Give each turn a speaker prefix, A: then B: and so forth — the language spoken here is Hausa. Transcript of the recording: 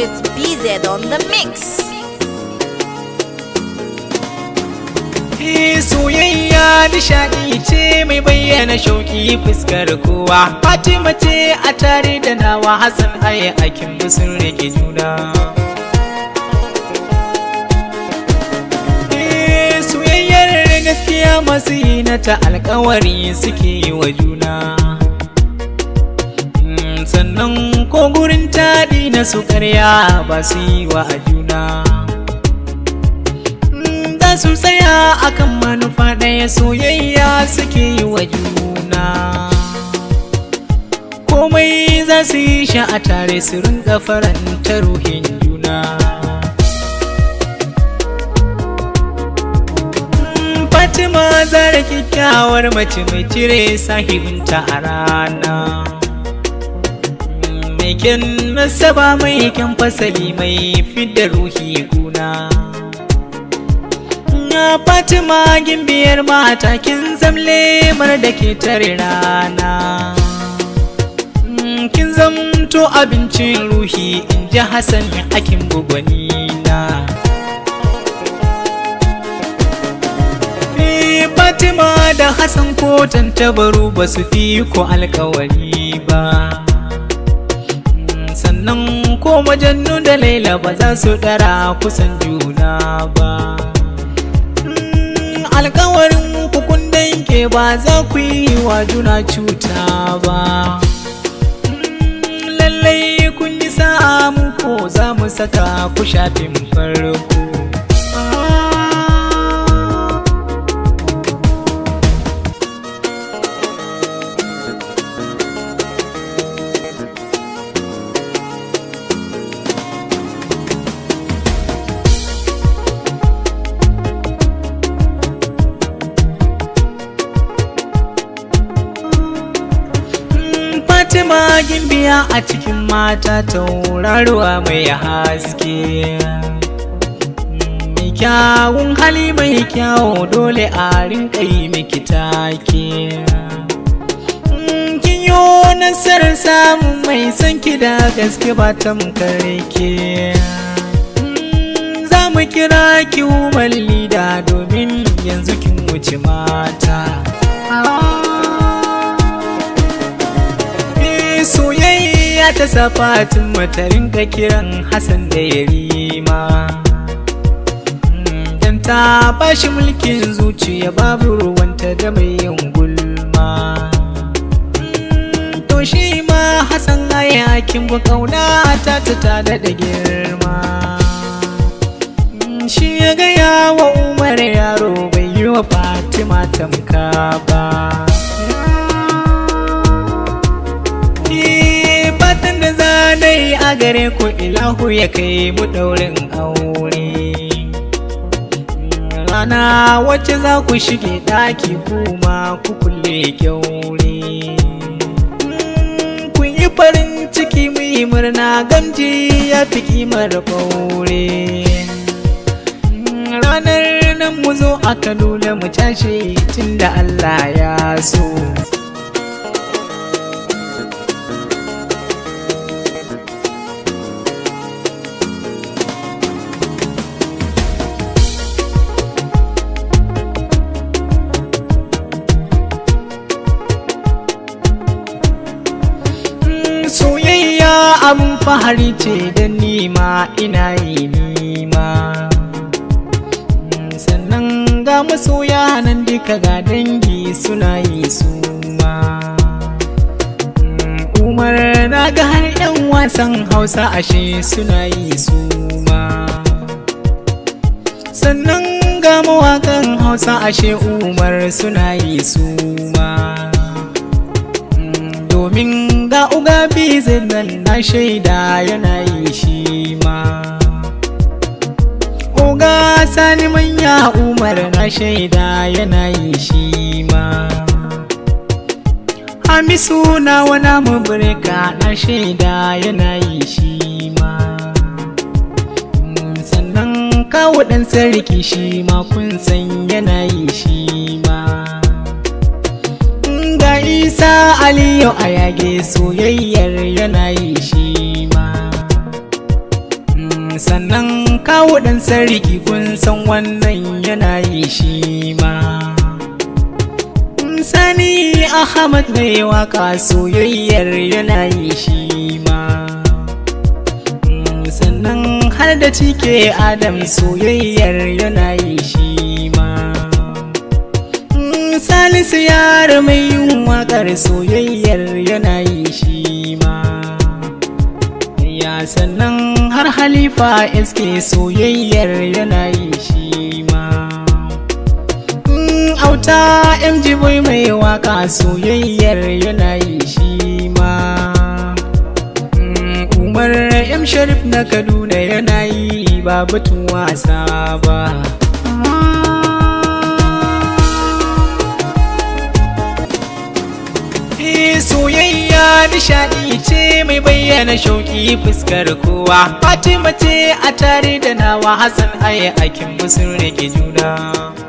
A: It's BZ on the mix. Eh, soyayya nishadi ce mai bayyana shauki fuskar kowa fatima ce a tare da nawa hassan haye akin sun rage juna eh, soyayyar gaskiya masu yi na ta alkawari suke yi wa juna nan ko gurin taɗi na su karya ba su yi wa juna da su tsaya akan manufa ɗaya soyayya suke yi wa juna komai za su yi sha a tare su rinka faranta ruhin juna Fatima zara kyakkyawar mace mai cire sahibinta a rana bikin masaba mai kyan fasali mai fidda ruhi guna na fatima gimbiyar kin zamle mar da ke tare rana mm, kin zamto abincin ruhi in ji hassan akin gugwani na eh, fatima da hassan ko tantabaru ba su fi ko alkawari ba sannan ko majannu da laila ba za su dara kusan juna ba mm, alkawarin kukun danke ba za ku yi wa juna cuta ba mm, lallai kun yi sa'a muku ko za mu saka ku shafin farko Fatima gimbiya a cikin mata tauraruwa mai haske. Mai kyawun hali mai kyawo dole a rinka yi miki take. Mm, Kinyo nasarar samun mai sanki da gaske ba tamkar ke. Mm, za mu kira ki umar lida domin yanzu kin wuce mata. ta safatin matarin ka kiran Hassan da Yarima. Mm, dan ta bashi mulkin zuciya babu ruwanta da mai yin gulma. Mm, to shi ma Hassan aya hakin bu kauna ta ta ta daɗa girma. Mm, shi ya gaya wa Umar yaro bai yi wa Fatima tamka ba. dai a gare ku ilahu ya kai mu daurin aure rana wacce za ku shige daki kuma ku kulle kyaure ku yi farin ciki mu yi murna gamji ya fi kimar ɓaure ranar nan mu zo a kaduna mu tashi tun da allah ya so fahari ce da nima ina yi nima mm, sannan ga masoya nan duka ga dangi suna yi su ma mm, umar na ga har 'yan wasan hausa ashe suna yi su ma sannan ga mawakan hausa ashe umar suna yi su ga uga bizin nan na shaida yana yi shi ma Uga sani manya umar na shaida yana yi shi ma Hamisu na wana mabirka na shaida yana yi shi ma Sannan kawo ɗan sarki shi ma kun san yana yi shi ma. isa aliyu a yage soyayyar yana yi shi ma mm, sannan kawo ɗan sarki kun san wannan yana yi shi ma mm, sani ahmad mai waka soyayyar yana yi shi ma mm, sannan har da cike adam soyayyar yana yi shi ma salisu yar mai yunwa yar soyayyar yana yi shi ma ya sannan har halifa iske soyayyar yana yi shi ma mm, auta mj boy mai waka soyayyar yana yi shi ma mm, umar m sharif na kaduna yana yi ba batun wasa ba nishaɗi ce mai bayyana shauki fuskar kowa Fatima ce a tare da nawa Hassan ai akin musun rage juna